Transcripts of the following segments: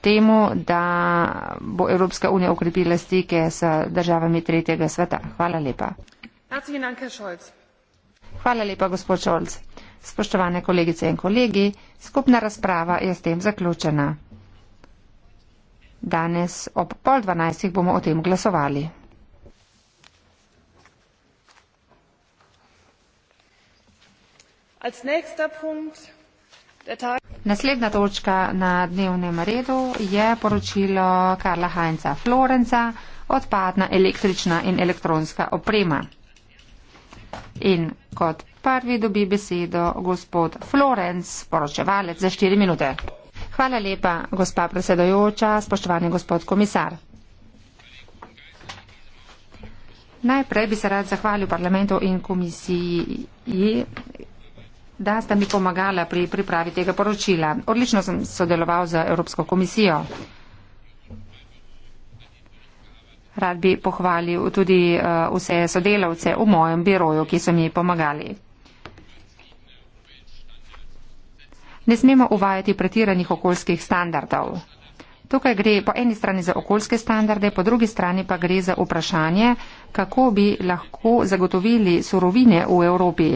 temu, da bo Evropska unija ukrepila stike s državami tretjega sveta. Hvala lepa. Hvala lepa, gospod Šolc. Spoštovane kolegice in kolegi, skupna razprava je s tem zaključena. Danes ob pol dvanajstih bomo o tem glasovali. Als nächster Punkt der Tag. Naslednja točka na dnevnem redu je poročilo Karla Heinza Florenca odpadna električna in elektronska oprema. In kot prvi dobi besedo gospod Florenc, poročevalec za štiri minute. Hvala lepa, gospa predsedojoča, spoštovani gospod komisar. Najprej bi se rad zahvalil parlamentu in komisiji da sta mi pomagala pri pripravi tega poročila. Odlično sem sodeloval z Evropsko komisijo. Rad bi pohvalil tudi eh, vse sodelavce v mojem biroju, ki so mi pomagali. Ne smemo uvajati pretiranih okoljskih standardov. Tukaj gre po eni strani za okoljske standarde, po drugi strani pa gre za vprašanje, kako bi lahko zagotovili surovine v Evropi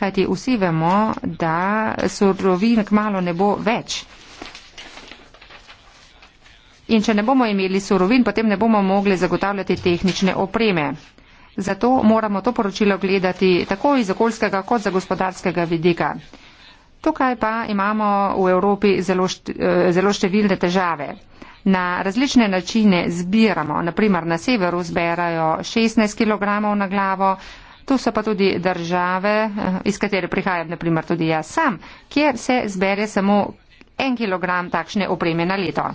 kajti vsi vemo, da surovin kmalo ne bo več. In če ne bomo imeli surovin, potem ne bomo mogli zagotavljati tehnične opreme. Zato moramo to poročilo gledati tako iz okoljskega kot za gospodarskega vidika. Tukaj pa imamo v Evropi zelo, št eh, zelo številne težave. Na različne načine zbiramo, naprimer na severu zberajo 16 kg na glavo, Tu so pa tudi države, eh, iz katere prihajam, naprimer tudi jaz sam, kjer se zbere samo en kilogram takšne opreme na leto.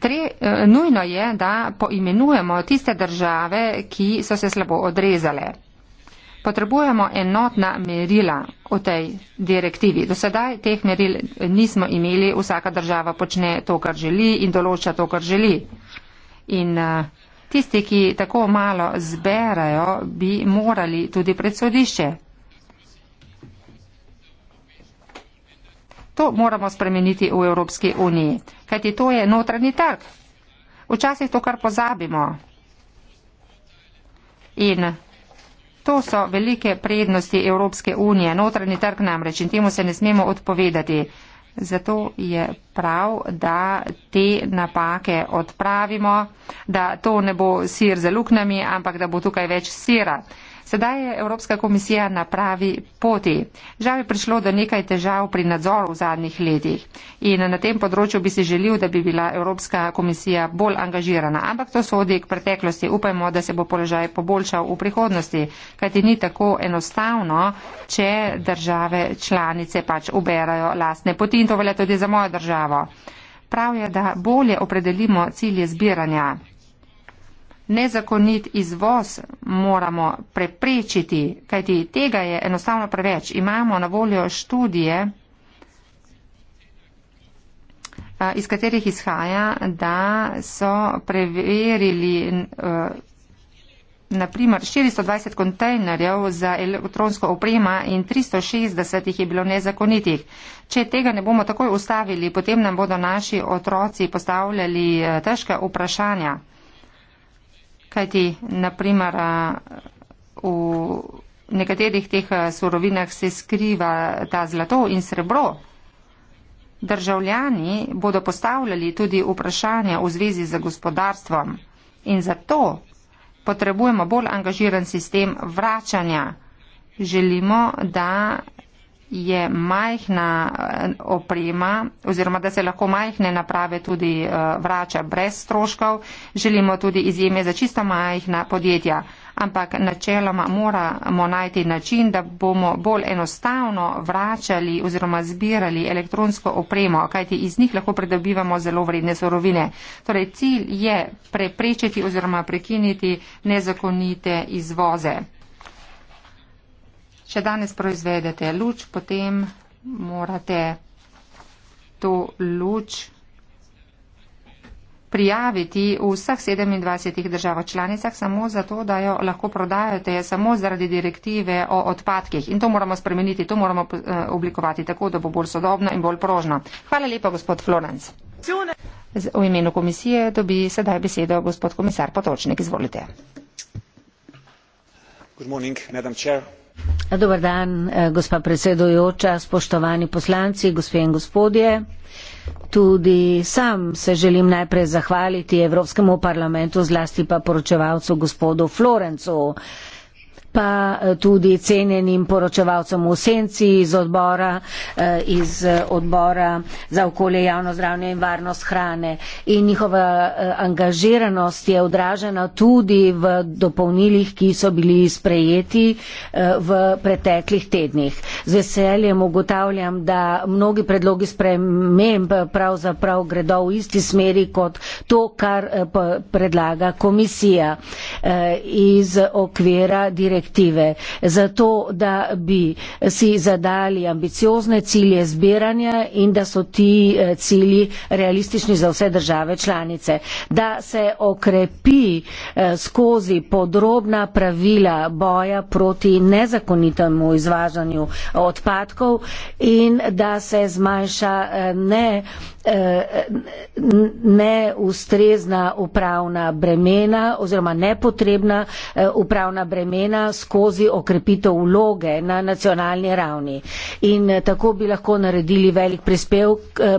Tre, eh, nujno je, da poimenujemo tiste države, ki so se slabo odrezale. Potrebujemo enotna merila v tej direktivi. Do sedaj teh meril nismo imeli, vsaka država počne to, kar želi in določa to, kar želi. In uh, Tisti, ki tako malo zberajo, bi morali tudi pred sodišče. To moramo spremeniti v Evropski uniji, kajti to je notranji trg. Včasih to kar pozabimo. In to so velike prednosti Evropske unije, notranji trg namreč in temu se ne smemo odpovedati. Zato je prav, da te napake odpravimo, da to ne bo sir z luknami, ampak da bo tukaj več sira. Sedaj je Evropska komisija na pravi poti. Žal je prišlo do nekaj težav pri nadzoru v zadnjih letih in na tem področju bi si želil, da bi bila Evropska komisija bolj angažirana, ampak to sodi k preteklosti. Upajmo, da se bo položaj poboljšal v prihodnosti, kajti ni tako enostavno, če države članice pač uberajo lastne poti in to velja tudi za mojo državo. Prav je, da bolje opredelimo cilje zbiranja nezakonit izvoz moramo preprečiti, kajti tega je enostavno preveč. Imamo na voljo študije, iz katerih izhaja, da so preverili naprimer 420 kontejnerjev za elektronsko oprema in 360 jih je bilo nezakonitih. Če tega ne bomo takoj ustavili, potem nam bodo naši otroci postavljali težke vprašanja kajti naprimer v nekaterih teh surovinah se skriva ta zlato in srebro. Državljani bodo postavljali tudi vprašanja v zvezi z gospodarstvom in zato potrebujemo bolj angažiran sistem vračanja. Želimo, da je majhna eh, oprema oziroma da se lahko majhne naprave tudi eh, vrača brez stroškov. Želimo tudi izjeme za čisto majhna podjetja, ampak načeloma moramo najti način, da bomo bolj enostavno vračali oziroma zbirali elektronsko opremo, kajti iz njih lahko pridobivamo zelo vredne sorovine. Torej, cilj je preprečiti oziroma prekiniti nezakonite izvoze. Če danes proizvedete luč, potem morate to luč prijaviti v vseh 27 državah članicah samo zato, da jo lahko prodajate samo zaradi direktive o odpadkih. In to moramo spremeniti, to moramo eh, oblikovati tako, da bo bolj sodobno in bolj prožno. Hvala lepa, gospod Florenc. V imenu komisije dobi sedaj besedo gospod komisar Potočnik. Izvolite. Good morning, Madam Chair. Dobar dan, eh, gospa predsedujoča, spoštovani poslanci, gospe in gospodje. Tudi sam se želim najprej zahvaliti Evropskemu parlamentu, zlasti pa poročevalcu gospodu Florencu. Uh, pa eh, tudi cenjenim poročevalcem v senci iz odbora, eh, iz eh, odbora za okolje, javno zdravje in varnost hrane. In njihova angažiranost je odražena tudi v dopolnilih, ki so bili sprejeti v preteklih tednih. Z veseljem ugotavljam, da mnogi predlogi sprememb pravzaprav gredo v isti smeri kot to, kar predlaga komisija iz okvira direktorja direktive, zato da bi si zadali ambiciozne cilje zbiranja in da so ti eh, cilji realistični za vse države članice. Da se okrepi eh, skozi podrobna pravila boja proti nezakonitemu izvažanju odpadkov in da se zmanjša eh, ne Eh, eh, neustrezna upravna bremena oziroma nepotrebna eh, upravna bremena skozi okrepitev vloge na nacionalni ravni. In tako bi lahko naredili velik prispevk,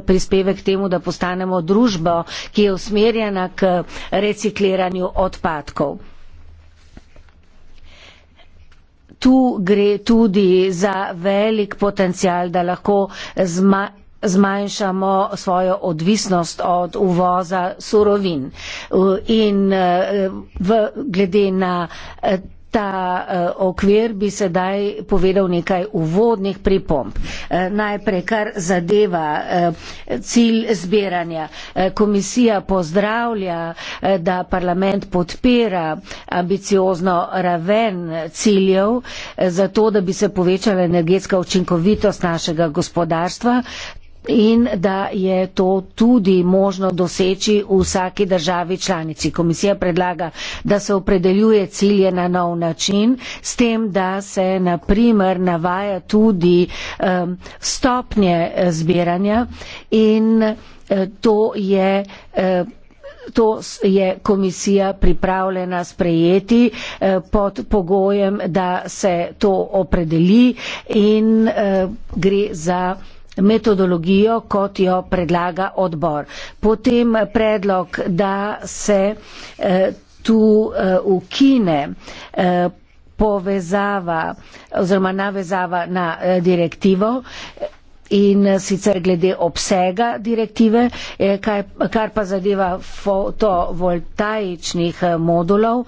prispevek k temu, da postanemo družbo, ki je usmerjena k recikliranju odpadkov. Tu gre tudi za velik potencial, da lahko zma, zmanjšamo svojo odvisnost od uvoza surovin. In v, glede na ta okvir bi sedaj povedal nekaj uvodnih pripomb. Najprej, kar zadeva cilj zbiranja. Komisija pozdravlja, da parlament podpira ambiciozno raven ciljev za to, da bi se povečala energetska učinkovitost našega gospodarstva in da je to tudi možno doseči v vsaki državi članici. Komisija predlaga, da se opredeljuje cilje na nov način, s tem, da se naprimer navaja tudi um, stopnje eh, zbiranja in uh, to je. Uh, To je komisija pripravljena sprejeti pod pogojem, da se to opredeli in gre za metodologijo, kot jo predlaga odbor. Potem predlog, da se eh, tu eh, ukine eh, povezava oziroma navezava na direktivo in sicer glede obsega direktive, kar pa zadeva fotovoltaičnih modulov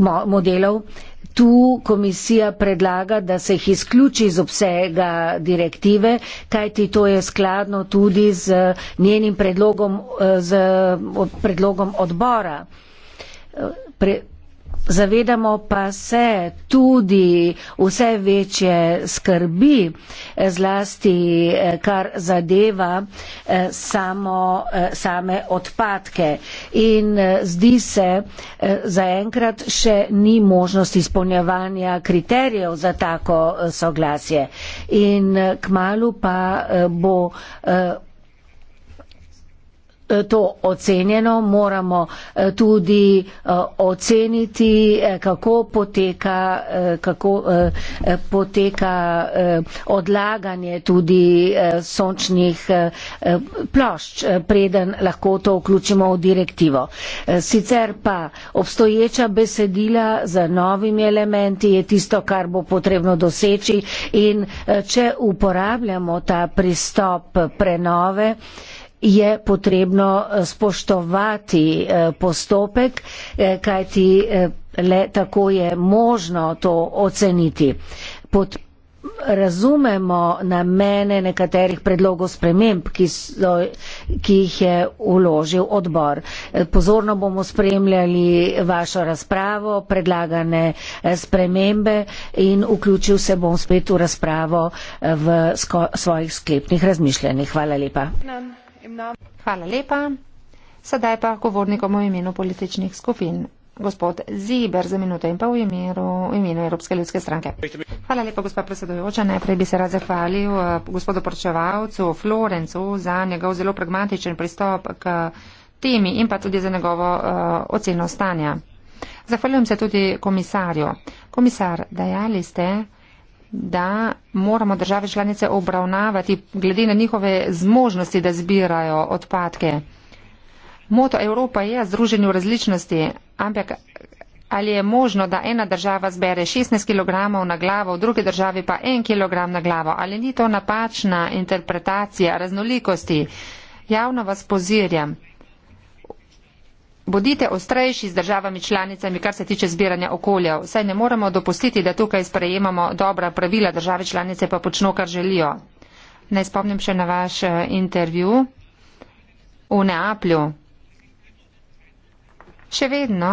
modelov. Tu komisija predlaga, da se jih izključi iz obsega direktive, kajti to je skladno tudi z njenim predlogom, z predlogom odbora. Pre, Zavedamo pa se tudi vse večje skrbi, eh, zlasti eh, kar zadeva eh, samo, same odpadke. In zdi se, zaenkrat še ni možnost izpolnjevanja kriterijev za tako soglasje. In kmalu pa bo Eh, to ocenjeno, moramo eh, tudi eh, oceniti, kako poteka, kako poteka odlaganje tudi sončnih plošč, preden lahko to vključimo v direktivo. Sicer pa obstoječa besedila z novimi elementi je tisto, kar bo potrebno doseči in če uporabljamo ta pristop prenove, je potrebno eh, spoštovati eh, postopek, eh, kajti le tako je možno to oceniti. Pod razumemo namene nekaterih predlogov sprememb, ki, so, ki jih je uložil odbor. Pozorno bomo spremljali vašo razpravo, predlagane spremembe in vključil se bom spet v razpravo v sko, svojih sklepnih razmišljenjih. Hvala lepa. Nam. Hvala lepa. Sedaj pa govornikom v imenu političnih skupin. Gospod Ziber za minuto in pa v imenu, v imenu Evropske ljudske stranke. Hvala lepa, gospa predsedojoča. Najprej bi se rad zahvalil eh, gospodu poročevalcu Florencu za njegov zelo pragmatičen pristop k temi in pa tudi za njegovo uh, oceno stanja. Zahvaljujem se tudi komisarju. Komisar, dejali ste, da moramo države članice obravnavati glede na njihove zmožnosti, da zbirajo odpadke. Moto Evropa je združenju različnosti, ampak ali je možno, da ena država zbere 16 kg na glavo, v druge državi pa 1 kg na glavo, ali ni to napačna interpretacija raznolikosti? Javno vas pozirjam bodite ostrejši z državami članicami, kar se tiče zbiranja okolja. Vsaj ne moremo dopustiti, da tukaj sprejemamo dobra pravila, države članice pa počno, kar želijo. Naj spomnim še na vaš eh, intervju v Neaplju. Še vedno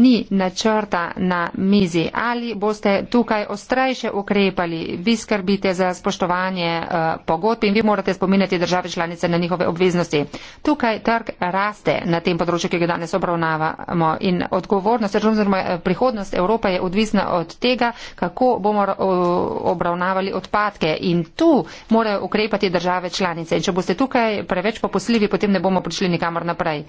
ni načrta na mizi. Ali boste tukaj ostrejše ukrepali, vi skrbite za spoštovanje uh, pogodb in vi morate spominjati države članice na njihove obveznosti. Tukaj trg raste na tem področju, ki ga danes obravnavamo in odgovornost, oziroma eh, prihodnost Evrope je odvisna od tega, kako bomo eh, obravnavali odpadke in tu morajo ukrepati države članice. In če boste tukaj preveč poposljivi, potem ne bomo prišli nikamor naprej.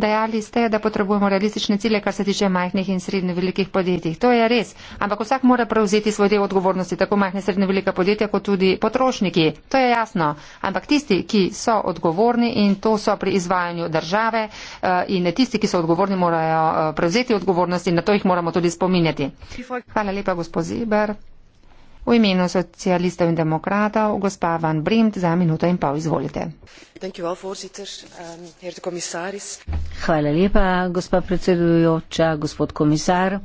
Dejali ste, da potrebujemo realistične cilje, kar se tiče majhnih in srednje velikih podjetij. To je res. Ampak vsak mora prevzeti svoj del odgovornosti, tako majhne in srednje velika podjetja, kot tudi potrošniki. To je jasno. Ampak tisti, ki so odgovorni in to so pri izvajanju države eh, in tisti, ki so odgovorni, morajo eh, prevzeti odgovornosti in na to jih moramo tudi spominjati. Hvala lepa, gospod Ziber. V imenu socialistov in demokratov, gospa Van Brimt, za minuto in pol izvolite. Ehm, Hvala lepa, gospa predsedujoča, gospod komisar.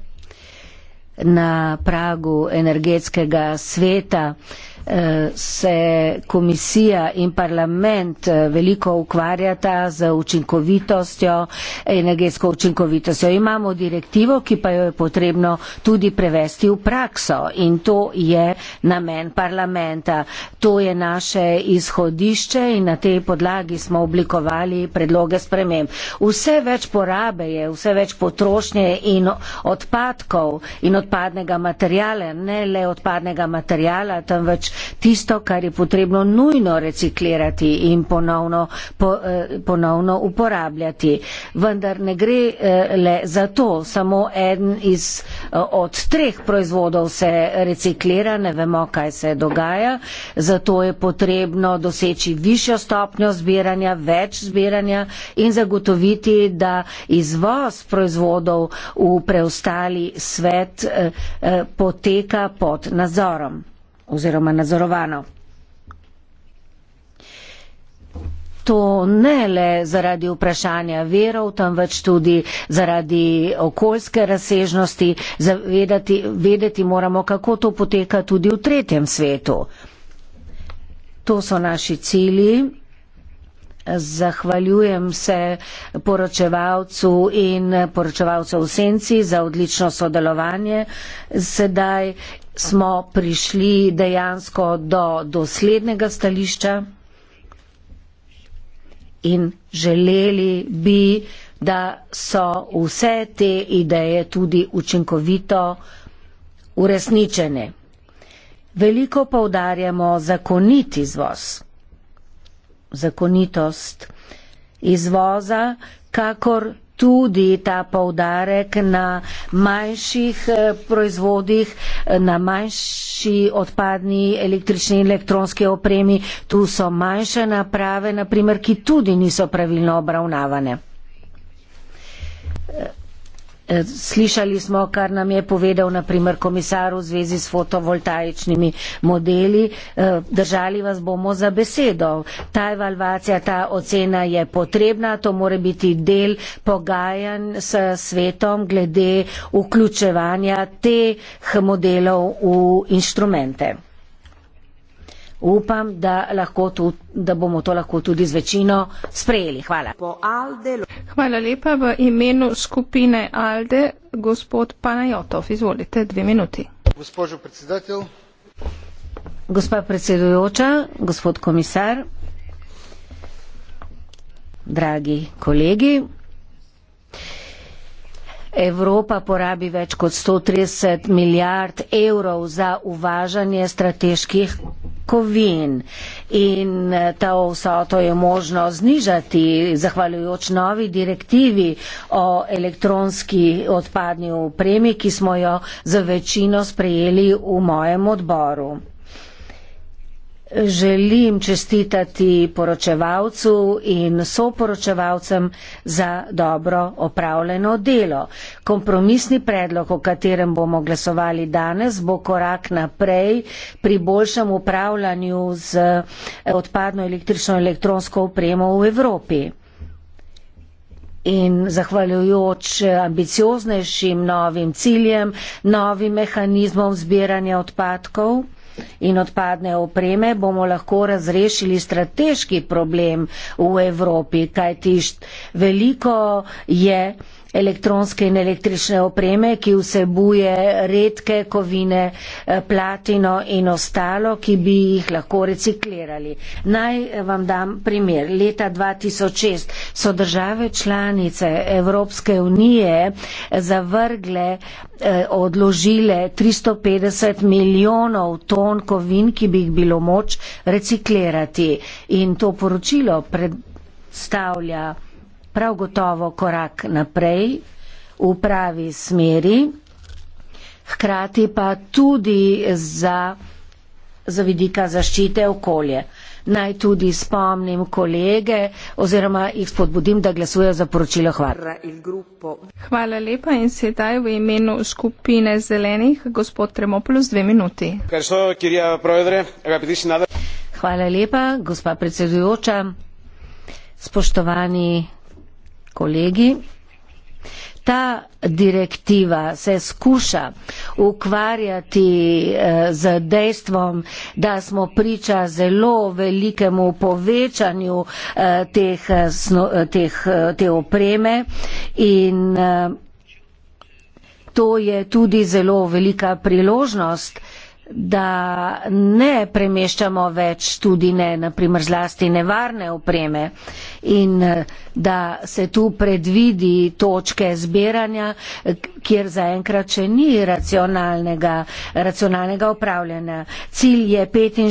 Na pragu energetskega sveta se komisija in parlament eh, veliko ukvarjata z učinkovitostjo, energetsko učinkovitostjo. Imamo direktivo, ki pa jo je potrebno tudi prevesti v prakso in to je namen parlamenta. To je naše izhodišče in na tej podlagi smo oblikovali predloge sprememb. Vse več porabe je, vse več potrošnje in odpadkov in odpadnega materijala, ne le odpadnega materijala, temveč tisto, kar je potrebno nujno reciklirati in ponovno, po, eh, ponovno uporabljati. Vendar ne gre eh, le za to, samo en iz, eh, od treh proizvodov se reciklira, ne vemo, kaj se dogaja, zato je potrebno doseči višjo stopnjo zbiranja, več zbiranja in zagotoviti, da izvoz proizvodov v preostali svet poteka pod nadzorom oziroma nadzorovano. To ne le zaradi vprašanja verov, temveč tudi zaradi okoljske razsežnosti. Zavedati, vedeti moramo, kako to poteka tudi v tretjem svetu. To so naši cilji. Zahvaljujem se poročevalcu in poročevalcu v senci za odlično sodelovanje. Sedaj smo prišli dejansko do doslednega stališča in želeli bi, da so vse te ideje tudi učinkovito uresničene. Veliko poudarjamo zakonit izvoz zakonitost izvoza, kakor tudi ta povdarek na manjših eh, proizvodih, eh, na manjši odpadni električni in elektronski opremi. Tu so manjše naprave, naprimer, ki tudi niso pravilno obravnavane. Eh, slišali smo, kar nam je povedal naprimer komisar v zvezi s fotovoltaičnimi modeli. Eh, držali vas bomo za besedo. Ta evalvacija, ta ocena je potrebna, to mora biti del pogajanj s svetom glede vključevanja teh modelov v inštrumente upam, da, tudi, da bomo to lahko tudi z večino sprejeli. Hvala. Hvala lepa v imenu skupine Alde, gospod Panajotov. Izvolite, dve minuti. Gospodžo predsedatelj. Gospa predsedujoča, gospod komisar, dragi kolegi. Evropa porabi več kot 130 milijard evrov za uvažanje strateških kovin in eh, ta vsoto je možno znižati zahvaljujoč novi direktivi o elektronski odpadni opremi, ki smo jo za večino sprejeli v mojem odboru želim čestitati poročevalcu in soporočevalcem za dobro opravljeno delo. Kompromisni predlog, o katerem bomo glasovali danes, bo korak naprej pri boljšem upravljanju z eh, odpadno električno elektronsko opremo v Evropi. In zahvaljujoč eh, ambicioznejšim novim ciljem, novim mehanizmom zbiranja odpadkov, In odpadne opreme bomo lahko razrešili strateški problem v Evropi, kajti veliko je elektronske in električne opreme, ki vsebuje redke kovine, eh, platino in ostalo, ki bi jih lahko reciklirali. Naj eh, vam dam primer. Leta 2006 so države članice Evropske unije eh, zavrgle, odložile 350 milijonov ton kovin, ki bi jih bilo moč reciklirati. In to poročilo predstavlja prav gotovo korak naprej v pravi smeri, hkrati pa tudi za, za vidika zaščite okolje. Naj tudi spomnim kolege oziroma jih spodbudim, da glasujejo za poročilo. Hvala. Hvala lepa in sedaj v imenu skupine zelenih gospod Tremopolus dve minuti. Hvala lepa, gospa predsedujoča, spoštovani kolegi. Ta direktiva se skuša ukvarjati eh, z dejstvom, da smo priča zelo velikemu povečanju eh, teh, eh, teh, te opreme in to je tudi zelo velika priložnost da ne premeščamo več tudi ne, naprimer, zlasti nevarne opreme in da se tu predvidi točke zbiranja, kjer zaenkrat še ni racionalnega, racionalnega upravljanja. Cilj je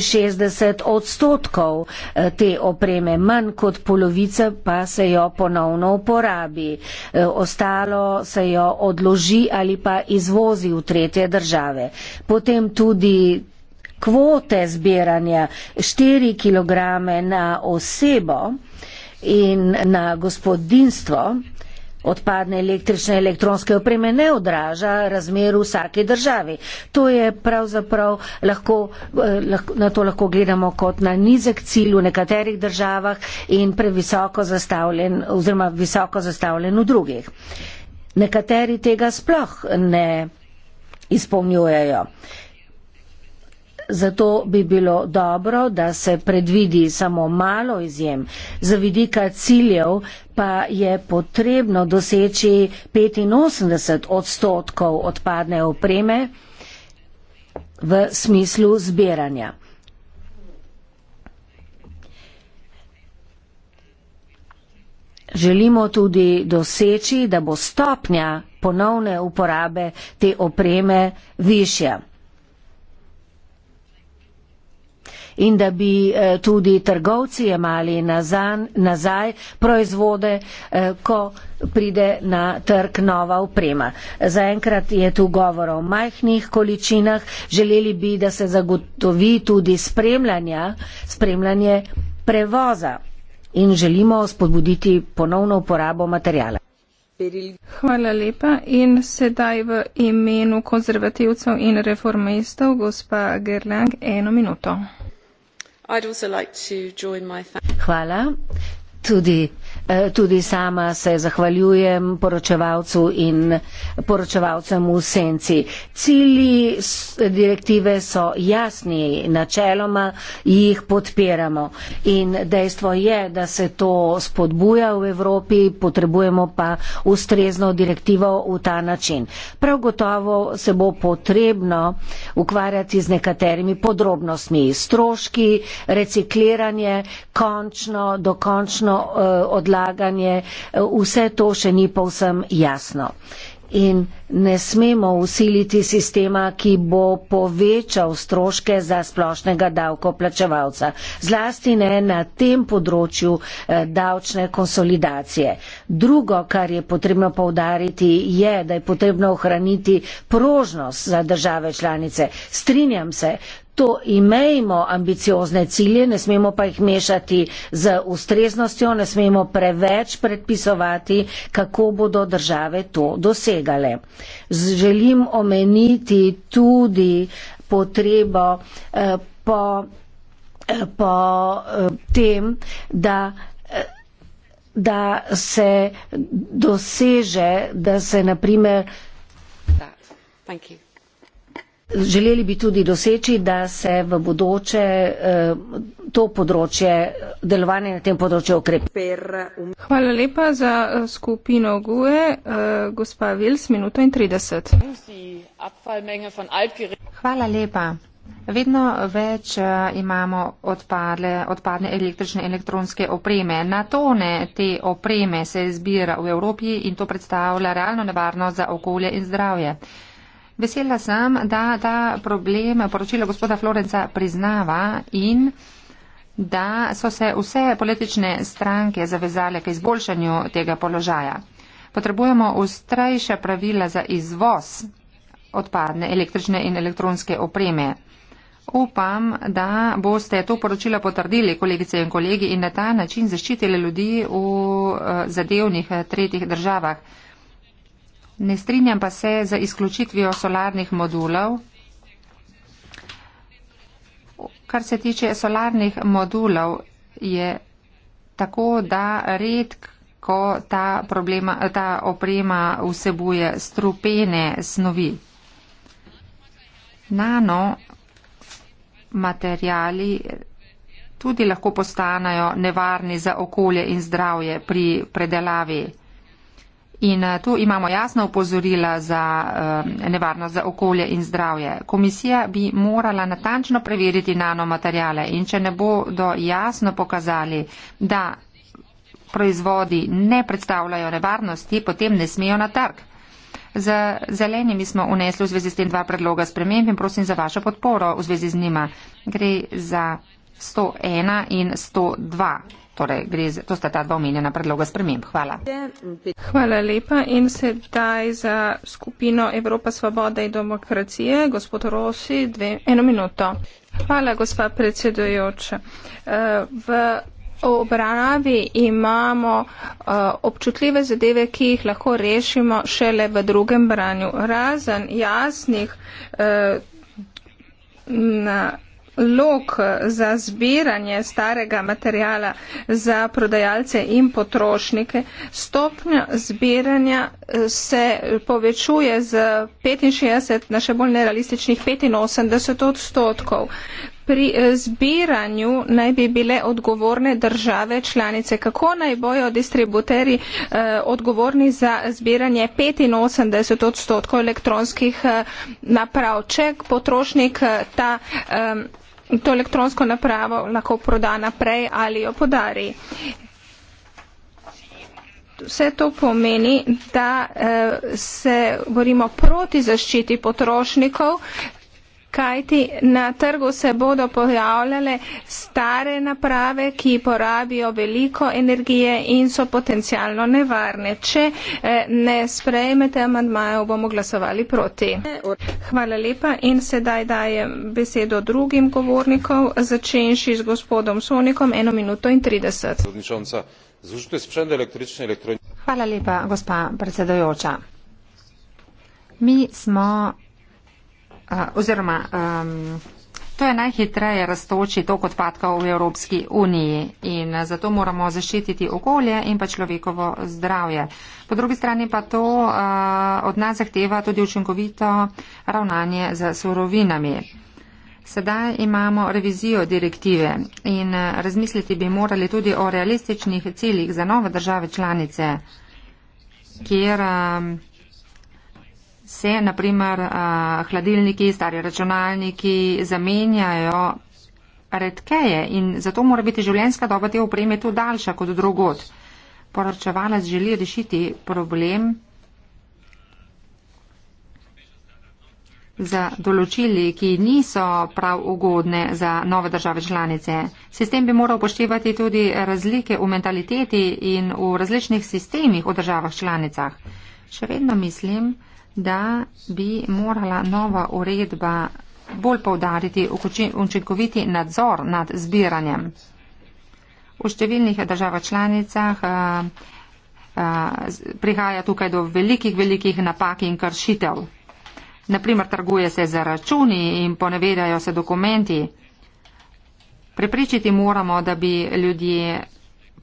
65 odstotkov eh, te opreme, manj kot polovica pa se jo ponovno uporabi. Eh, ostalo se jo odloži ali pa izvozi v tretje države. Potem tudi tudi kvote zbiranja 4 kg na osebo in na gospodinstvo odpadne električne elektronske opreme ne odraža razmer v vsaki državi. To je pravzaprav eh, lahko, na to lahko gledamo kot na nizek cilj v nekaterih državah in previsoko zastavljen oziroma visoko zastavljen v drugih. Nekateri tega sploh ne izpolnjujejo zato bi bilo dobro, da se predvidi samo malo izjem. Za vidika ciljev pa je potrebno doseči 85 odstotkov odpadne opreme v smislu zbiranja. Želimo tudi doseči, da bo stopnja ponovne uporabe te opreme višja. in da bi eh, tudi trgovci jemali nazaj proizvode, eh, ko pride na trg nova oprema. Zaenkrat je tu govor o majhnih količinah, želeli bi, da se zagotovi tudi spremljanje prevoza in želimo spodbuditi ponovno uporabo materijala. Hvala lepa in sedaj v imenu konzervativcev in reformistov gospa Gerlang eno minuto tudi jaz bi rada podprla to resolucijo. Eh, tudi sama se zahvaljujem poročevalcu in poročevalcem v senci. Cili direktive so jasni, načeloma jih podpiramo. In dejstvo je, da se to spodbuja v Evropi, potrebujemo pa ustrezno direktivo v ta način. Prav gotovo se bo potrebno ukvarjati z nekaterimi podrobnostmi. Stroški, recikliranje, končno, dokončno eh, odlagati odlaganje, eh, vse to še ni povsem jasno. In ne smemo usiliti sistema, ki bo povečal stroške za splošnega davkoplačevalca. Zlasti ne na tem področju eh, davčne konsolidacije. Drugo, kar je potrebno povdariti, je, da je potrebno ohraniti prožnost za države članice. Strinjam se, To imejmo ambiciozne cilje, ne smemo pa jih mešati z ustreznostjo, ne smemo preveč predpisovati, kako bodo države to dosegale. Želim omeniti tudi potrebo eh, po, eh, po eh, tem, da da se doseže, da se naprimer. That. Thank you. Želeli bi tudi doseči, da se v bodoče eh, to področje, delovanje na tem področju okrepi. Um- Hvala lepa za eh, skupino GUE, eh, gospa Vils, minuto in 30. Hvala lepa. Vedno več imamo odpadle, odpadne električne elektronske opreme. Na tone te opreme se zbira v Evropi in to predstavlja realno nevarnost za okolje in zdravje. Vesela sem, da ta problem poročila gospoda Florenca priznava in da so se vse politične stranke zavezale k izboljšanju tega položaja. Potrebujemo ustrajša pravila za izvoz odpadne električne in elektronske opreme. Upam, da boste to poročilo potrdili, kolegice in kolegi, in na ta način zaščitili ljudi v eh, zadevnih tretjih državah. Ne strinjam pa se za izključitvijo solarnih modulov. Kar se tiče solarnih modulov, je tako, da redko ta, problema, ta oprema vsebuje strupene snovi. Nano materijali tudi lahko postanajo nevarni za okolje in zdravje pri predelavi. In eh, tu imamo jasno upozorila za eh, nevarnost za okolje in zdravje. Komisija bi morala natančno preveriti nanomaterjale in če ne bodo jasno pokazali, da proizvodi ne predstavljajo nevarnosti, potem ne smejo na trg. Z zelenimi smo unesli v zvezi s tem dva predloga sprememb in prosim za vašo podporo v zvezi z njima. Gre za 101 in 102. Torej, za, to sta ta dva omenjena predloga sprememb. Hvala. Hvala lepa in sedaj za skupino Evropa svobode in demokracije, gospod Rosi, dve, eno minuto. Hvala, gospa predsedujoča. Eh, v obravi imamo eh, občutljive zadeve, ki jih lahko rešimo šele v drugem branju. Razen jasnih. Eh, na, lok za zbiranje starega materijala za prodajalce in potrošnike. Stopnja zbiranja eh, se povečuje z 65 na še bolj nerealističnih 85 odstotkov. Pri eh, zbiranju naj bi bile odgovorne države članice. Kako naj bojo distributeri eh, odgovorni za zbiranje 85 odstotkov elektronskih naprav? Če potrošnik ta to elektronsko napravo lahko proda naprej ali jo podari. Vse to pomeni, da eh, se borimo proti zaščiti potrošnikov, kajti na trgu se bodo pojavljale stare naprave, ki porabijo veliko energije in so potencijalno nevarne. Če eh, ne sprejmete amandmajev, bomo glasovali proti. Hvala lepa in sedaj dajem besedo drugim govornikom, začenši z gospodom Sonikom, eno minuto in trideset. Hvala lepa, gospa predsedojoča. Mi smo Eh, oziroma um, to je najhitreje raztoči tok odpadkov v Evropski uniji in eh, zato moramo zaščititi okolje in pa človekovo zdravje. Po drugi strani pa to uh, od nas zahteva tudi učinkovito ravnanje z surovinami. Sedaj imamo revizijo direktive in razmisliti bi morali tudi o realističnih ciljih za nove države članice, kjer. Uh, se naprimer uh, hladilniki, stari računalniki zamenjajo redkeje in zato mora biti življenjska doba te opreme tu daljša kot drugot. Poročevalec želi rešiti problem za določili, ki niso prav ugodne za nove države članice. Sistem bi moral poštevati tudi razlike v mentaliteti in v različnih sistemih v državah članicah. Še vedno mislim, da bi morala nova uredba bolj povdariti učinkoviti nadzor nad zbiranjem. V številnih državah članicah eh, eh, prihaja tukaj do velikih, velikih napak in kršitev. Naprimer, trguje se za računi in ponevedajo se dokumenti. Prepričiti moramo, da bi ljudje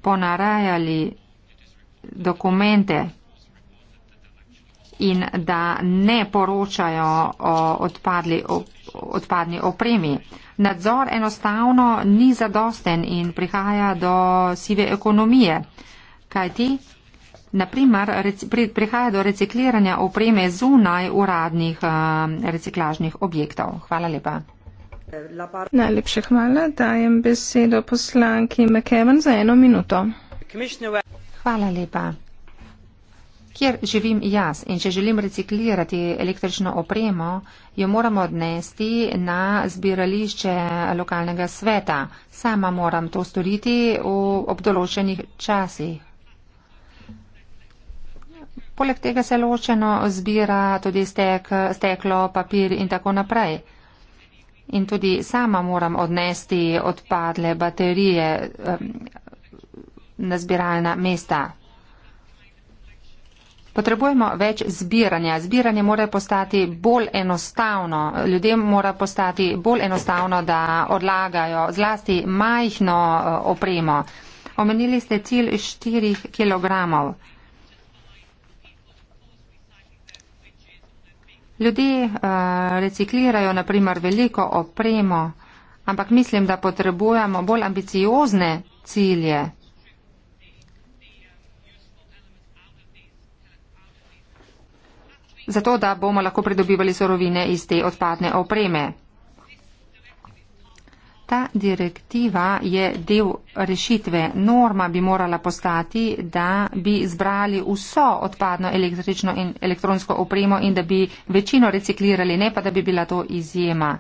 ponarajali dokumente, in da ne poročajo o odpadli, o, odpadni opremi. Nadzor enostavno ni zadosten in prihaja do sive ekonomije. Kaj ti? Naprimer, prihaja do recikliranja opreme zunaj uradnih um, reciklažnih objektov. Hvala lepa. Najlepše hvala. Dajem besedo poslanki McKevan za eno minuto. Hvala lepa kjer živim jaz in če želim reciklirati električno opremo, jo moramo odnesti na zbirališče lokalnega sveta. Sama moram to storiti v obdoločenih časih. Poleg tega se ločeno zbira tudi stek, steklo, papir in tako naprej. In tudi sama moram odnesti odpadle baterije na zbiralna mesta. Potrebujemo več zbiranja. Zbiranje mora postati bolj enostavno. Ljudem mora postati bolj enostavno, da odlagajo zlasti majhno eh, opremo. Omenili ste cilj 4 kg. Ljudje eh, reciklirajo naprimer veliko opremo, ampak mislim, da potrebujemo bolj ambiciozne cilje. zato da bomo lahko pridobivali sorovine iz te odpadne opreme. Ta direktiva je del rešitve. Norma bi morala postati, da bi zbrali vso odpadno električno in elektronsko opremo in da bi večino reciklirali, ne pa da bi bila to izjema.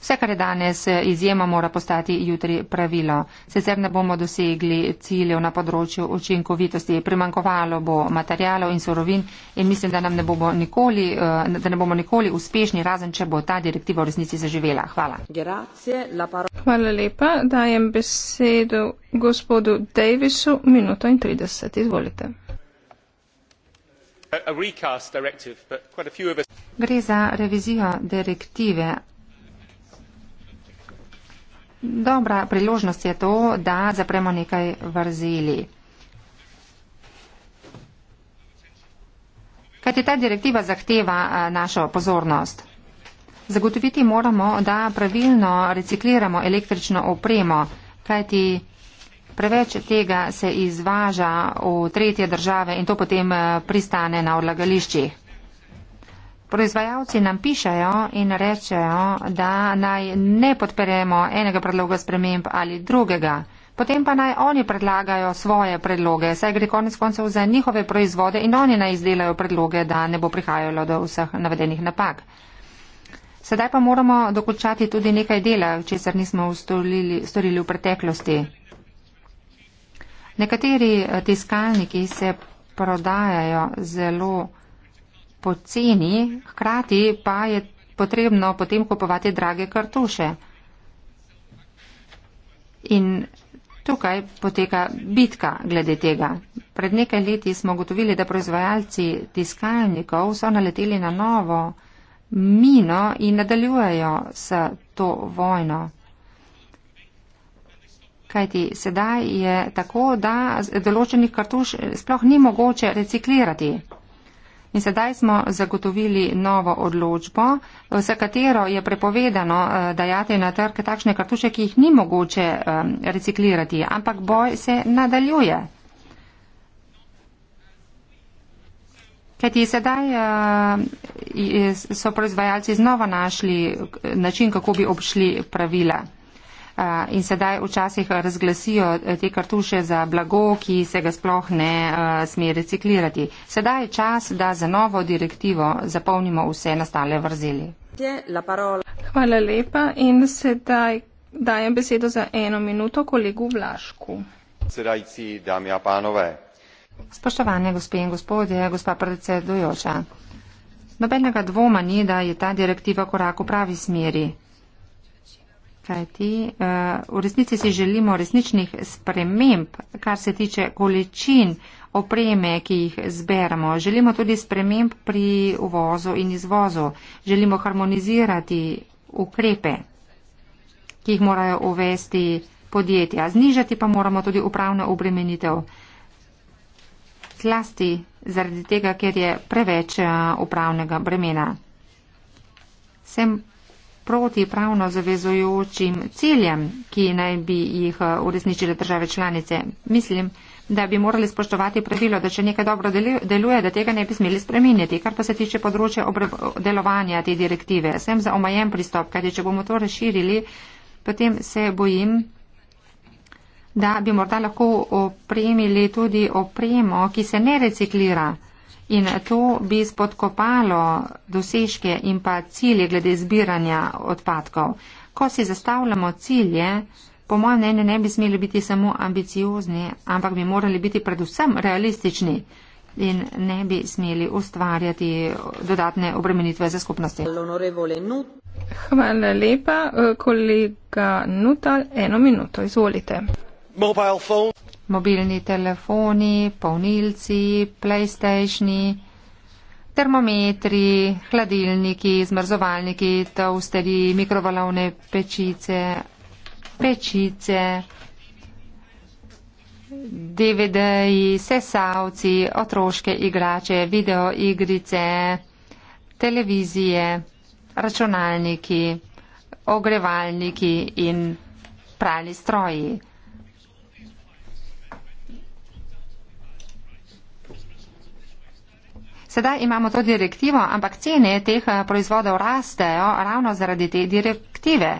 Vse, kar je danes eh, izjema, mora postati jutri pravilo. Sicer ne bomo dosegli ciljev na področju učinkovitosti. Primankovalo bo materijalov in surovin in mislim, da, ne bomo, nikoli, eh, da ne bomo nikoli uspešni, razen če bo ta direktiva v resnici zaživela. Hvala. Hvala lepa. Dajem besedo gospodu Davisu. Minuto in 30. Izvolite. Gre za revizijo direktive, Dobra priložnost je to, da zapremo nekaj vrzeli. Kajti ta direktiva zahteva našo pozornost. Zagotoviti moramo, da pravilno recikliramo električno opremo, kajti preveč tega se izvaža v tretje države in to potem pristane na odlagališčih. Proizvajalci nam pišajo in rečejo, da naj ne podperemo enega predloga sprememb ali drugega. Potem pa naj oni predlagajo svoje predloge, saj gre konec koncev za njihove proizvode in oni naj izdelajo predloge, da ne bo prihajalo do vseh navedenih napak. Sedaj pa moramo dokončati tudi nekaj dela, česar nismo ustorili, storili v preteklosti. Nekateri tiskalniki se prodajajo zelo poceni, hkrati pa je potrebno potem kupovati drage kartuše. In tukaj poteka bitka glede tega. Pred nekaj leti smo gotovili, da proizvajalci tiskalnikov so naleteli na novo mino in nadaljujejo s to vojno. Kajti sedaj je tako, da določenih kartuš sploh ni mogoče reciklirati. In sedaj smo zagotovili novo odločbo, s katero je prepovedano eh, dajati na trg takšne kartuše, ki jih ni mogoče reciklirati, ampak boj se nadaljuje. Kajti sedaj eh, so proizvajalci znova našli eh, način, kako bi obšli pravila. Eh, in sedaj včasih razglasijo eh, te kartuše za blago, ki se ga sploh ne eh, sme reciklirati. Sedaj je čas, da za novo direktivo zapolnimo vse nastale vrzeli. Hvala lepa in sedaj dajem besedo za eno minuto kolegu Vlašku. Spoštovane gospe in gospodje, gospa predsedujoča. Nobenega dvoma ni, da je ta direktiva korak v pravi smeri kajti eh, v resnici si želimo resničnih sprememb, kar se tiče količin opreme, ki jih zberamo. Želimo tudi sprememb pri uvozu in izvozu. Želimo harmonizirati ukrepe, ki jih morajo uvesti podjetja. Znižati pa moramo tudi upravno obremenitev. Klasti zaradi tega, ker je preveč eh, upravnega bremena. Sem protipravno zavezujočim ciljem, ki naj bi jih eh, uresničile države članice. Mislim, da bi morali spoštovati pravilo, da če nekaj dobro deluje, da tega ne bi smeli spreminjati. Kar pa se tiče področja obdelovanja te direktive, sem za omajen pristop, kajti če bomo to razširili, potem se bojim, da bi morda lahko opremili tudi opremo, ki se ne reciklira. In to bi spodkopalo dosežke in pa cilje glede zbiranja odpadkov. Ko si zastavljamo cilje, po mojem mnenju ne bi smeli biti samo ambiciozni, ampak bi morali biti predvsem realistični in ne bi smeli ustvarjati dodatne obremenitve za skupnosti. Hvala lepa, kolega Nutal, eno minuto, izvolite mobilni telefoni, polnilci, playstationi, termometri, hladilniki, zmrzovalniki, toasteri, mikrovalovne pečice, pečice, DVD-ji, sesavci, otroške igrače, videoigrice, televizije, računalniki, ogrevalniki in prali stroji. Sedaj imamo to direktivo, ampak cene teh eh, proizvodov rastejo ravno zaradi te direktive.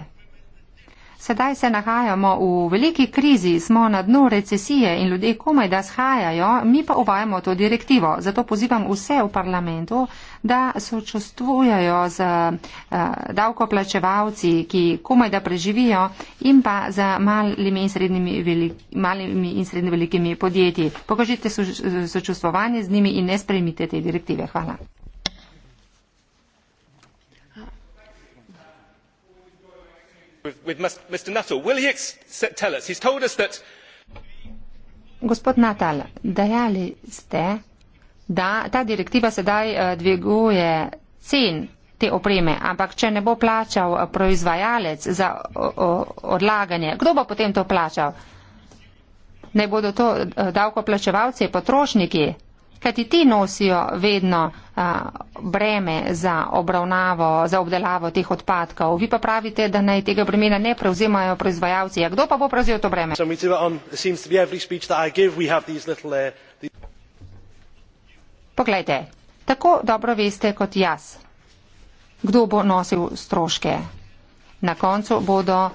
Sedaj se nahajamo v veliki krizi, smo na dnu recesije in ljudje komaj da shajajo, mi pa uvajamo to direktivo. Zato pozivam vse v parlamentu, da sočustvujajo z eh, davkoplačevalci, ki komaj da preživijo in pa z malimi in srednjimi, veliki, malimi in srednjimi velikimi podjetji. Pokažite sočustvovanje z njimi in ne spremite te direktive. Hvala. with mr nuttall will he tell us he has told us that Gospod Natal, dejali ste, da ta direktiva sedaj eh, dviguje cen te opreme, ampak če ne bo plačal eh, proizvajalec za odlaganje, kdo bo potem to plačal? Ne bodo to eh, davkoplačevalci, potrošniki? kajti ti nosijo vedno uh, breme za obravnavo, za obdelavo teh odpadkov. Vi pa pravite, da naj tega bremena ne prevzemajo proizvajalci. Ja, kdo pa bo prevzel to breme? Uh, Poglejte, tako dobro veste kot jaz, kdo bo nosil stroške. Na koncu bodo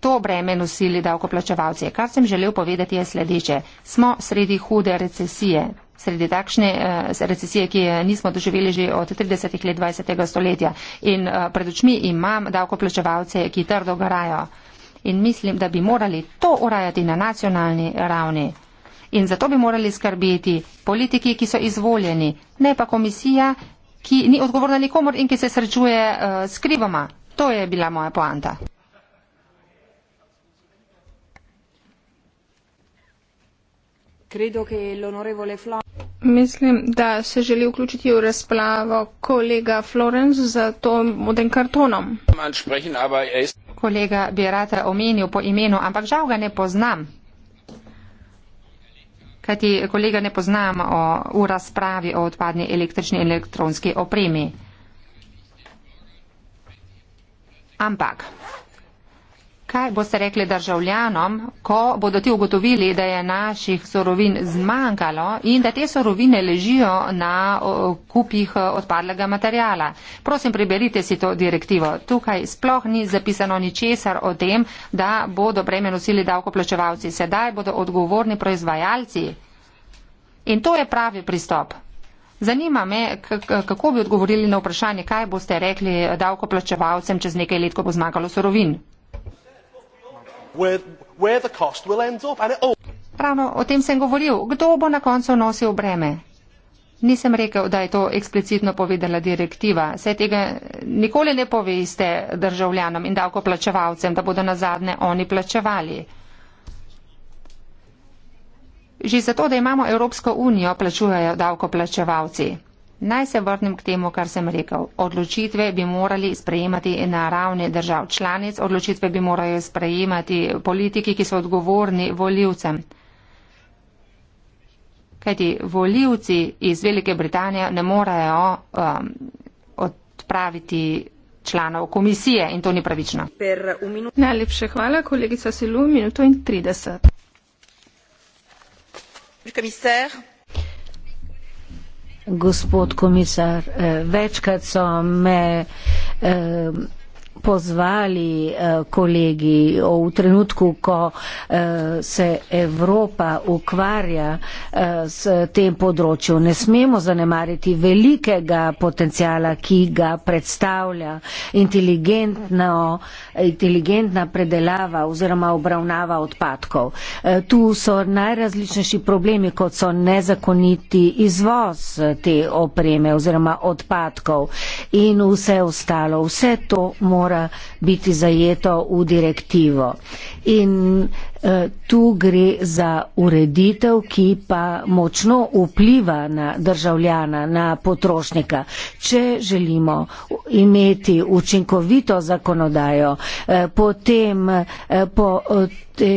to breme nosili davkoplačevalci. Kar sem želel povedati je sledeče. Smo sredi hude recesije sredi takšne eh, recesije, ki je nismo doživeli že od 30. let 20. stoletja. In eh, pred očmi imam davkoplačevalce, ki trdo garajo. In mislim, da bi morali to urajati na nacionalni ravni. In zato bi morali skrbeti politiki, ki so izvoljeni, ne pa komisija, ki ni odgovorna nikomor in ki se srečuje uh, s krivoma. To je bila moja poanta. Mislim, da se želi vključiti v razplavo kolega Florence za to modrim kartonom. Kolega bi rad omenil po imenu, ampak žal ga ne poznam. Kajti kolega ne poznam o, v razpravi o odpadni električni in elektronski opremi. Ampak kaj boste rekli državljanom, ko bodo ti ugotovili, da je naših sorovin zmanjkalo in da te sorovine ležijo na kupih odpadlega materijala. Prosim, preberite si to direktivo. Tukaj sploh ni zapisano ničesar o tem, da bodo breme nosili davkoplačevalci. Sedaj bodo odgovorni proizvajalci. In to je pravi pristop. Zanima me, kako bi odgovorili na vprašanje, kaj boste rekli davkoplačevalcem čez nekaj let, ko bo zmagalo sorovin where, where up, all... Pravno o tem sem govoril, kdo bo na koncu nosil breme. Nisem rekel, da je to eksplicitno povedala direktiva. Vse tega nikoli ne poveste državljanom in davkoplačevalcem, da bodo na zadnje oni plačevali. Že zato, da imamo Evropsko unijo, plačujejo davkoplačevalci. Naj se vrnem k temu, kar sem rekel. Odločitve bi morali sprejemati na ravni držav članic, odločitve bi morali sprejemati politiki, ki so odgovorni voljivcem. Kajti voljivci iz Velike Britanije ne morejo um, odpraviti članov komisije in to ni pravično. Najlepše hvala, kolegica Silu, minuto in 30. Gospod komisar, eh, večkrat so me eh, pozvali eh, kolegi v trenutku, ko eh, se Evropa ukvarja eh, s tem področju. Ne smemo zanemariti velikega potencijala, ki ga predstavlja inteligentna predelava oziroma obravnava odpadkov. Tu so najrazličnejši problemi, kot so nezakoniti izvoz te opreme oziroma odpadkov in vse ostalo. Vse to mora mora biti zajeto v direktivo. In eh, tu gre za ureditev, ki pa močno vpliva na državljana, na potrošnika. Če želimo imeti učinkovito zakonodajo, eh, potem eh, po te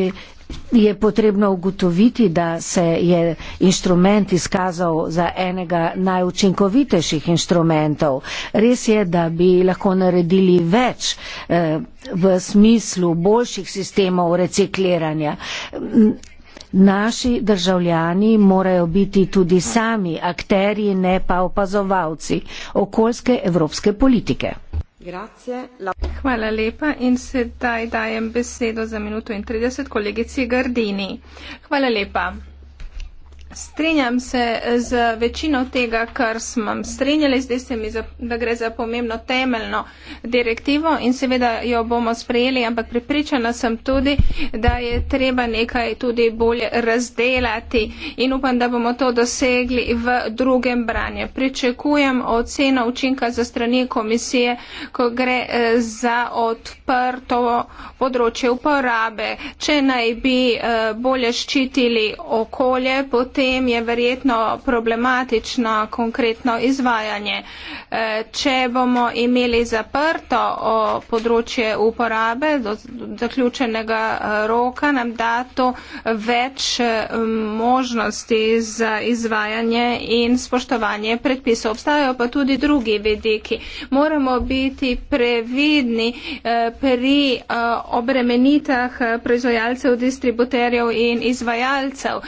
je potrebno ugotoviti, da se je inštrument izkazal za enega najučinkovitejših inštrumentov. Res je, da bi lahko naredili več eh, v smislu boljših sistemov recikliranja. Naši državljani morajo biti tudi sami akteri, ne pa opazovalci okoljske evropske politike. Hvala lepa in sedaj dajem besedo za minuto in 30 kolegici Gardini. Hvala lepa. Strinjam se z večino tega, kar smo strinjali. Zdaj se mi, za, da gre za pomembno temeljno direktivo in seveda jo bomo sprejeli, ampak pripričana sem tudi, da je treba nekaj tudi bolje razdelati in upam, da bomo to dosegli v drugem branju. Pričakujem oceno učinka za strani komisije, ko gre eh, za odprto področje uporabe. Če naj bi eh, bolje ščitili okolje, potem tem je verjetno problematično konkretno izvajanje. E, če bomo imeli zaprto področje uporabe do zaključenega e, roka, nam da to več e, možnosti za izvajanje in spoštovanje predpisov. Obstajajo pa tudi drugi vidiki. Moramo biti previdni pri obremenitah proizvajalcev, distributerjev in izvajalcev.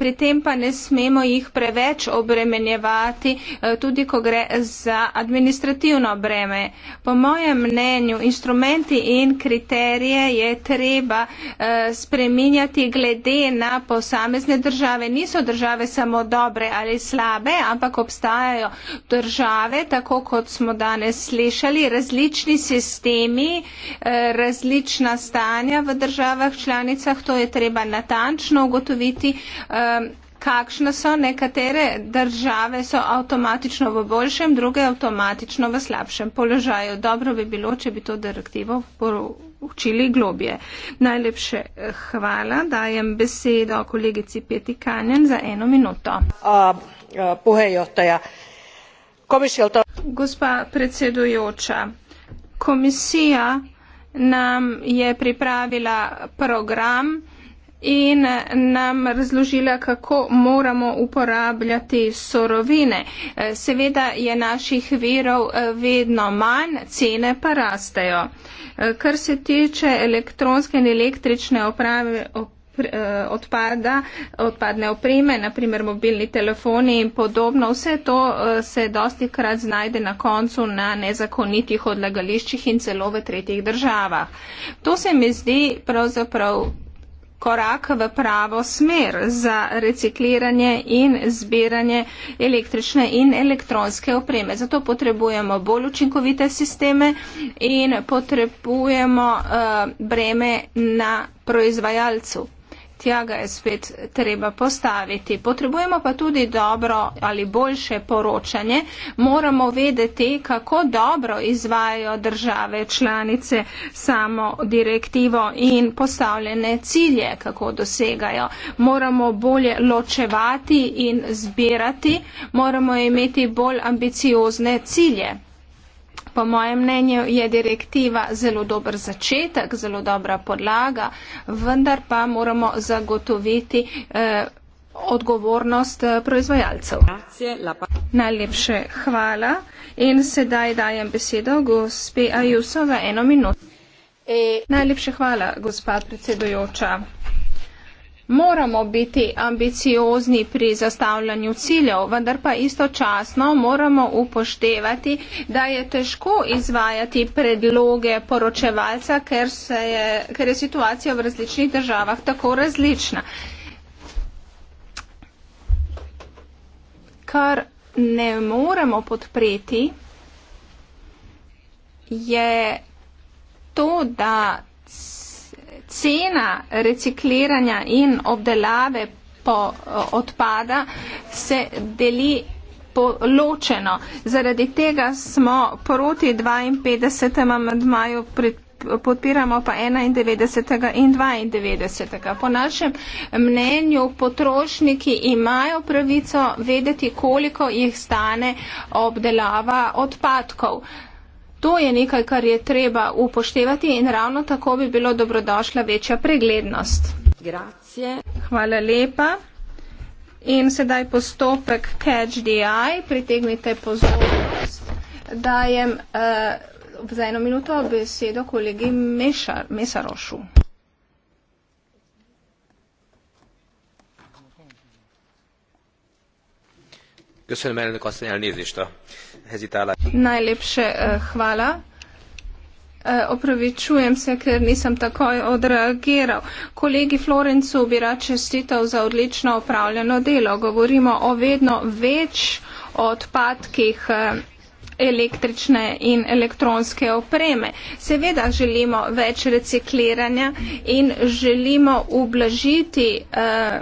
Pri tem potem pa ne smemo jih preveč obremenjevati, eh, tudi ko gre za administrativno breme. Po mojem mnenju, instrumenti in kriterije je treba eh, spreminjati glede na posamezne države. Niso države samo dobre ali slabe, ampak obstajajo države, tako kot smo danes slišali, različni sistemi, eh, različna stanja v državah članicah. To je treba natančno ugotoviti kakšne so nekatere države, so avtomatično v boljšem, druge avtomatično v slabšem položaju. Dobro bi bilo, če bi to direktivo poročili globje. Najlepše eh, hvala, dajem besedo kolegici Peti Kanjen za eno minuto. Uh, uh, Gospa predsedujoča, komisija nam je pripravila program, in nam razložila, kako moramo uporabljati sorovine. Eh, seveda je naših verov eh, vedno manj, cene pa rastejo. Eh, kar se tiče elektronske in električne oprave, odpada, odpadne opreme, naprimer mobilni telefoni in podobno. Vse to se dosti krat znajde na koncu na nezakonitih odlagališčih in celo v tretjih državah. To se mi zdi pravzaprav korak v pravo smer za recikliranje in zbiranje električne in elektronske opreme. Zato potrebujemo bolj učinkovite sisteme in potrebujemo uh, breme na proizvajalcu tja ga je spet treba postaviti. Potrebujemo pa tudi dobro ali boljše poročanje. Moramo vedeti, kako dobro izvajajo države članice samo direktivo in postavljene cilje, kako dosegajo. Moramo bolje ločevati in zbirati, moramo imeti bolj ambiciozne cilje. Po mojem mnenju je direktiva zelo dober začetek, zelo dobra podlaga, vendar pa moramo zagotoviti eh, odgovornost eh, proizvajalcev. Najlepše hvala. In sedaj dajem besedo gospe Ajuso za eno minuto. E- Najlepše hvala, gospa predsedujoča moramo biti ambiciozni pri zastavljanju ciljev, vendar pa istočasno moramo upoštevati, da je težko izvajati predloge poročevalca, ker, je, ker je situacija v različnih državah tako različna. Kar ne moremo podpreti, je to, da cena recikliranja in obdelave po odpada se deli poločeno. Zaradi tega smo proti 52. amadmaju podpiramo pa 91. in 92. Po našem mnenju potrošniki imajo pravico vedeti, koliko jih stane obdelava odpadkov. To je nekaj, kar je treba upoštevati in ravno tako bi bilo dobrodošla večja preglednost. Grazie. Hvala lepa. In sedaj postopek Catch the Eye. Pritegnite pozornost. Dajem uh, za eno minuto besedo kolegi Mešar, Mesarošu. Köszönöm elnök asszony elnézést a hezitala. Najlepše uh, hvala. Uh, opravičujem se, ker nisem takoj odreagiral. Kolegi Florencu bi rad čestitev za odlično opravljeno delo. Govorimo o vedno več odpadkih. Uh, električne in elektronske opreme. Seveda želimo več recikliranja in želimo ublažiti eh,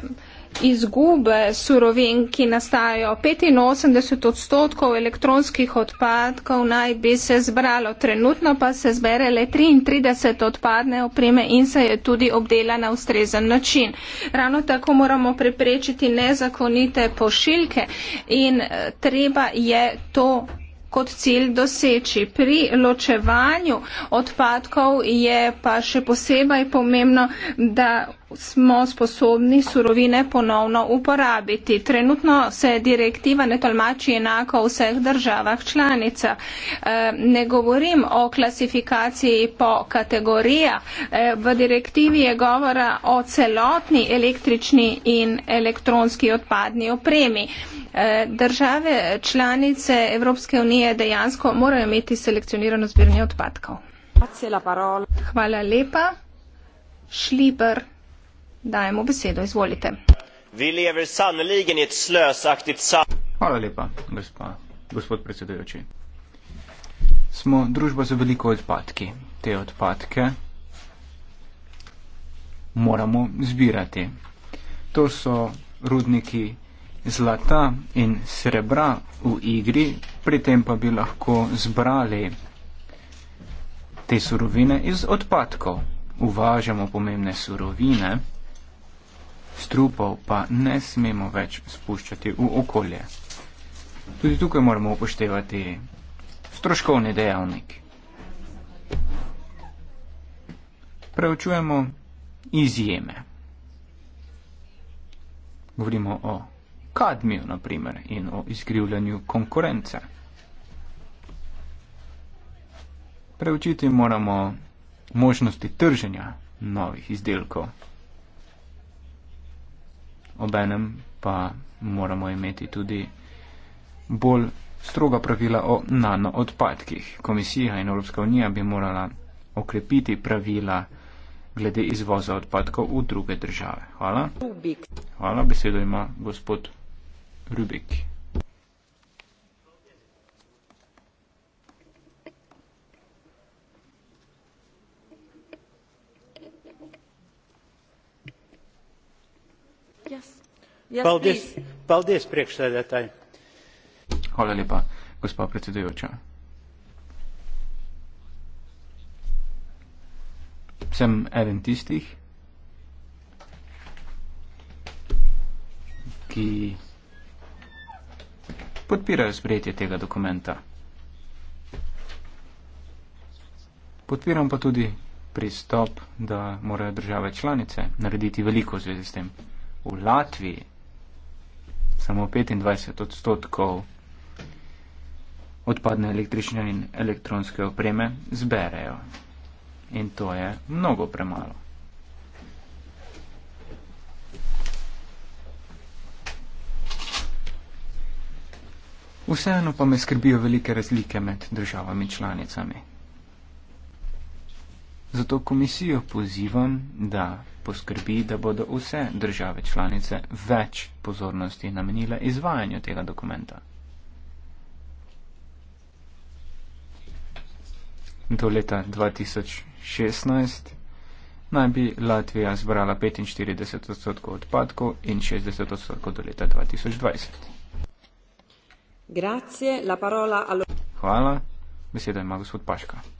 izgube surovin, ki nastajajo. 85 odstotkov elektronskih odpadkov naj bi se zbralo, trenutno pa se zbere le 33 odpadne opreme in se je tudi obdela na ustrezen način. Ravno tako moramo preprečiti nezakonite pošiljke in eh, treba je to kot cilj doseči. Pri ločevanju odpadkov je pa še posebej pomembno, da smo sposobni surovine ponovno uporabiti. Trenutno se direktiva ne tolmači enako v vseh državah članica. E, ne govorim o klasifikaciji po kategorija. E, v direktivi je govora o celotni električni in elektronski odpadni opremi. E, države članice Evropske unije dejansko morajo imeti selekcionirano zbiranje odpadkov. Hvala lepa. Schlieber. Dajemo besedo, izvolite. Vi lever sannoligen i ett slösaktigt sam... Hvala lepa, gospa, gospod predsedujoči. Smo družba za veliko odpadki. Te odpadke moramo zbirati. To so rudniki zlata in srebra v igri, pri tem pa bi lahko zbrali te surovine iz odpadkov. Uvažamo pomembne surovine strupov pa ne smemo več spuščati v okolje. Tudi tukaj moramo upoštevati stroškovni dejavnik. Preučujemo izjeme. Govorimo o kadmiju, na primer, in o izkrivljanju konkurence. Preučiti moramo možnosti trženja novih izdelkov obenem pa moramo imeti tudi bolj stroga pravila o nanoodpadkih. Komisija in Evropska unija bi morala okrepiti pravila glede izvoza odpadkov v druge države. Hvala. Hvala, besedo ima gospod Rubik. gospa predsedujoča sem eden tistih ki podpirajo sprejetje tega dokumenta podpiram pa tudi pristop da morajo države članice narediti veliko v zvezi s tem v latviji samo 25 odstotkov odpadne električne in elektronske opreme zberejo. In to je mnogo premalo. Vseeno pa me skrbijo velike razlike med državami članicami. Zato komisijo pozivam, da poskrbi, da bodo vse države članice več pozornosti namenile izvajanju tega dokumenta. Do leta 2016 naj bi Latvija zbrala 45 odstotkov odpadkov in 60 odstotkov do leta 2020. Hvala. Beseda ima gospod Paška.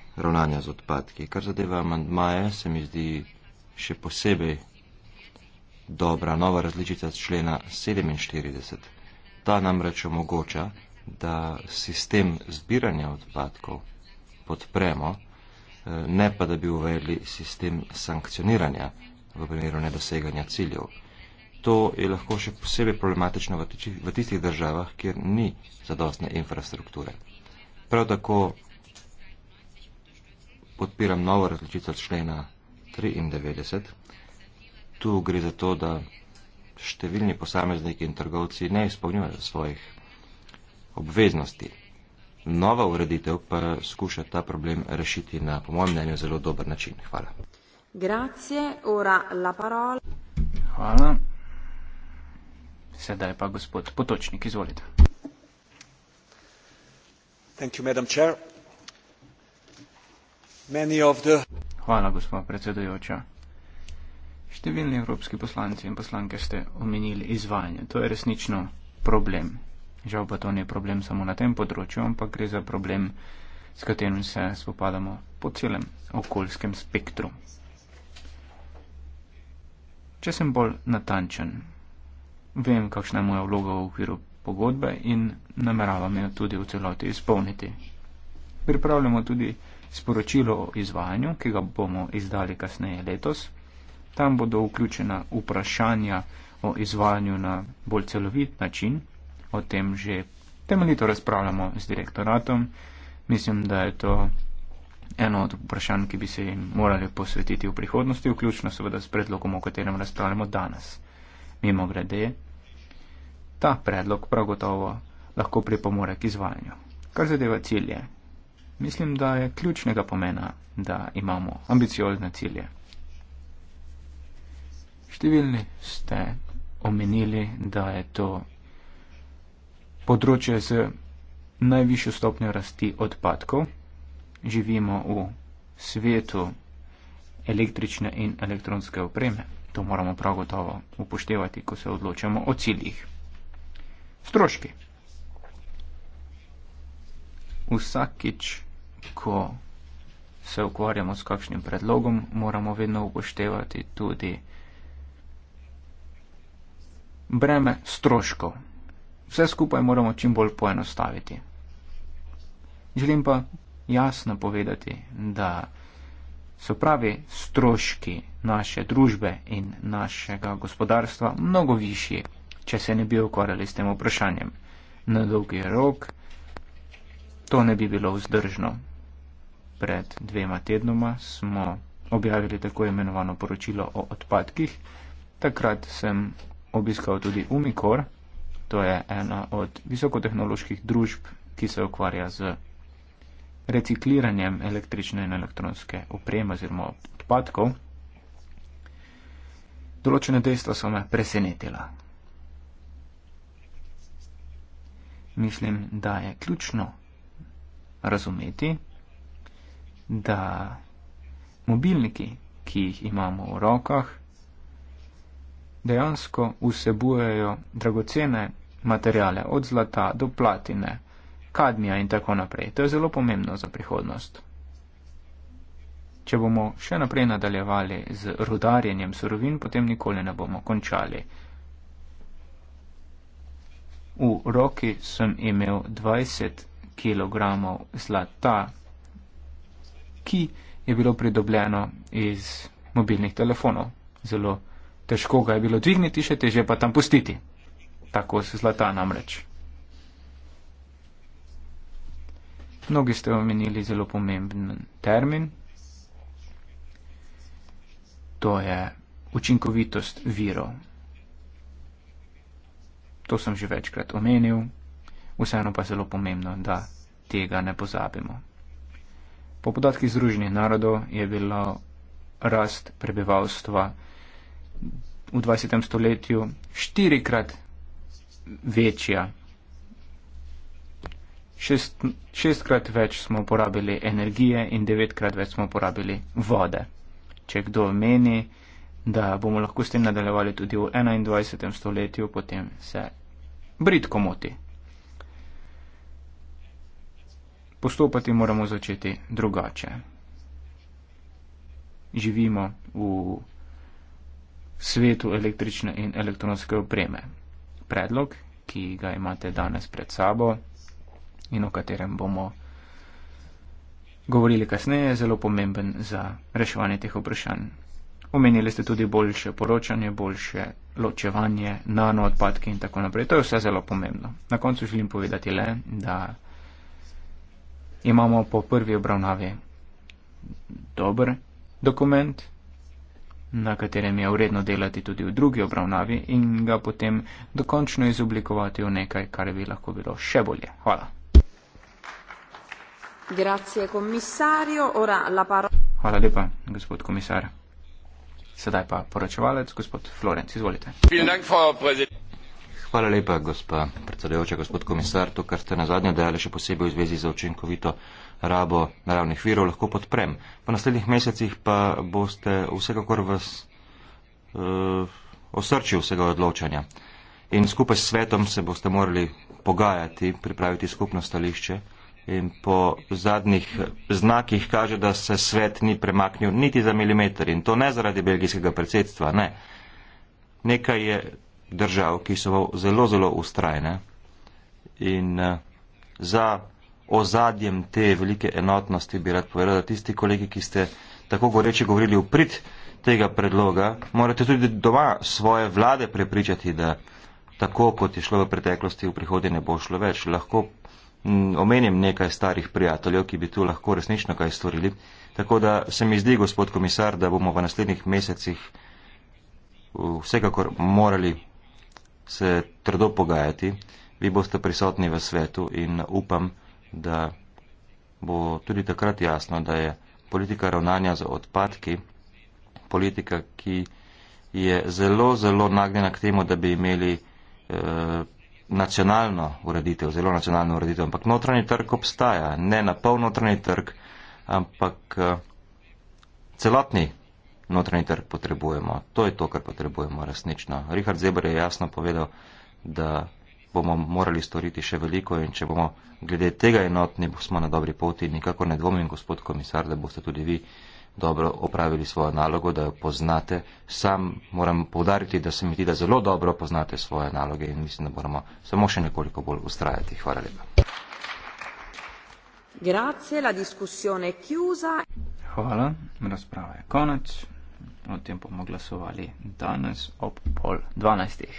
ravnanja z odpadki. Kar zadeva amantmaje, se mi zdi še posebej dobra nova različica člena 47. Ta namreč omogoča, da sistem zbiranja odpadkov podpremo, eh, ne pa da bi uvedli sistem sankcioniranja v primeru nedoseganja ciljev. To je lahko še posebej problematično v tistih državah, kjer ni zadostne infrastrukture. Prav tako podpiram novo različico člena 93. Tu gre za to, da številni posamezniki in trgovci ne izpolnjujejo svojih obveznosti. Nova ureditev pa skuša ta problem rešiti na, po mojem mnenju, zelo dober način. Hvala. Grazie, ora la parola. Hvala. Sedaj pa gospod Potočnik, izvolite. Thank you, Madam Chair. Hvala, gospod predsedujoča. Številni evropski poslanci in poslanke ste omenili izvajanje. To je resnično problem. Žal pa to ni problem samo na tem področju, ampak gre za problem, s katerim se spopadamo po celem okoljskem spektru. Če sem bolj natančen, vem, kakšna je moja vloga v okviru pogodbe in nameravam jo tudi v celoti izpolniti. Pripravljamo tudi sporočilo o izvajanju, ki ga bomo izdali kasneje letos. Tam bodo vključena vprašanja o izvajanju na bolj celovit način. O tem že temeljito razpravljamo z direktoratom. Mislim, da je to eno od vprašanj, ki bi se jim morali posvetiti v prihodnosti, vključno seveda s predlogom, o katerem razpravljamo danes. Mimo grede, ta predlog prav gotovo lahko pripomore k izvajanju. Kar zadeva cilje, Mislim, da je ključnega pomena, da imamo ambiciozne cilje. Številni ste omenili, da je to področje z najvišjo stopnjo rasti odpadkov. Živimo v svetu električne in elektronske opreme. To moramo prav gotovo upoštevati, ko se odločamo o ciljih. Stroški. Vsakič ko se ukvarjamo s kakšnim predlogom, moramo vedno upoštevati tudi breme stroškov. Vse skupaj moramo čim bolj poenostaviti. Želim pa jasno povedati, da so pravi stroški naše družbe in našega gospodarstva mnogo višji, če se ne bi ukvarjali s tem vprašanjem. Na dolgi rok to ne bi bilo vzdržno pred dvema tednoma smo objavili tako imenovano poročilo o odpadkih. Takrat sem obiskal tudi Umicor, to je ena od visokotehnoloških družb, ki se ukvarja z recikliranjem električne in elektronske opreme oziroma odpadkov. Določene dejstva so me presenetila. Mislim, da je ključno razumeti, da mobilniki, ki jih imamo v rokah, dejansko vsebujejo dragocene materijale, od zlata do platine, kadmija in tako naprej. To je zelo pomembno za prihodnost. Če bomo še naprej nadaljevali z rudarjenjem surovin, potem nikoli ne bomo končali. V roki sem imel 20 kg zlata ki je bilo pridobljeno iz mobilnih telefonov. Zelo težko ga je bilo dvigniti, še teže pa tam pustiti. Tako se zlata namreč. Mnogi ste omenili zelo pomemben termin. To je učinkovitost virov. To sem že večkrat omenil, vseeno pa zelo pomembno, da tega ne pozabimo. Po podatkih Združenih narodov je bila rast prebivalstva v 20. stoletju štirikrat večja. Šest, šestkrat več smo porabili energije in devetkrat več smo porabili vode. Če kdo meni, da bomo lahko s tem nadaljevali tudi v 21. stoletju, potem se britko moti. postopati moramo začeti drugače. Živimo v svetu električne in elektronske opreme. Predlog, ki ga imate danes pred sabo in o katerem bomo govorili kasneje, je zelo pomemben za reševanje teh vprašanj. Omenili ste tudi boljše poročanje, boljše ločevanje, nano odpadke in tako naprej. To je vse zelo pomembno. Na koncu želim povedati le, da imamo po prvi obravnavi dober dokument, na katerem je vredno delati tudi v drugi obravnavi in ga potem dokončno izoblikovati v nekaj, kar bi lahko bilo še bolje. Hvala. Grazie, Ora la paro... Hvala lepa, gospod komisar. Sedaj pa poročevalec, gospod Florenc, izvolite. Hvala, gospod predsednik. Hvala lepa, gospa predsedajoča, gospod komisar. To, kar ste na zadnje dejali, še posebej v zvezi za učinkovito rabo naravnih virov, lahko podprem. V naslednjih mesecih pa boste vsekakor v uh, osrčju vsega odločanja. In skupaj s svetom se boste morali pogajati, pripraviti skupno stališče. In po zadnjih znakih kaže, da se svet ni premaknil niti za milimeter. In to ne zaradi belgijskega predsedstva, ne. Nekaj je držav, ki so zelo, zelo ustrajne in eh, za ozadjem te velike enotnosti bi rad povedal, da tisti kolegi, ki ste tako goreče govorili v prid tega predloga, morate tudi doma svoje vlade prepričati, da tako kot je šlo v preteklosti, v prihodnje ne bo šlo več. Lahko omenim nekaj starih prijateljev, ki bi tu lahko resnično kaj storili. Tako da se mi zdi, gospod komisar, da bomo v naslednjih mesecih eh, vsekakor morali se trdo pogajati. Vi boste prisotni v svetu in upam, da bo tudi takrat jasno, da je politika ravnanja z odpadki politika, ki je zelo, zelo nagnjena k temu, da bi imeli eh, nacionalno ureditev, zelo nacionalno ureditev, ampak notranji trg obstaja, ne na pol notranji trg, ampak eh, celotni notranji trg potrebujemo. To je to, kar potrebujemo resnično. Richard Zeber je jasno povedal, da bomo morali storiti še veliko in če bomo glede tega enotni, smo na dobri poti. Nikako ne dvomim, gospod komisar, da boste tudi vi dobro opravili svojo nalogo, da jo poznate. Sam moram povdariti, da se mi zdi, da zelo dobro poznate svoje naloge in mislim, da moramo samo še nekoliko bolj ustrajati. Hvala lepa. Grazie, la discussione è chiusa. Hvala, razprava je konec o tem bomo glasovali danes ob pol dvanajstih.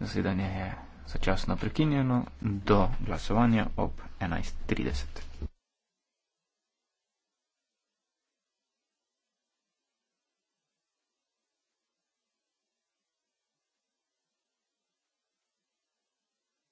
Zasedanje je začasno prekinjeno do glasovanja ob enajst trideset.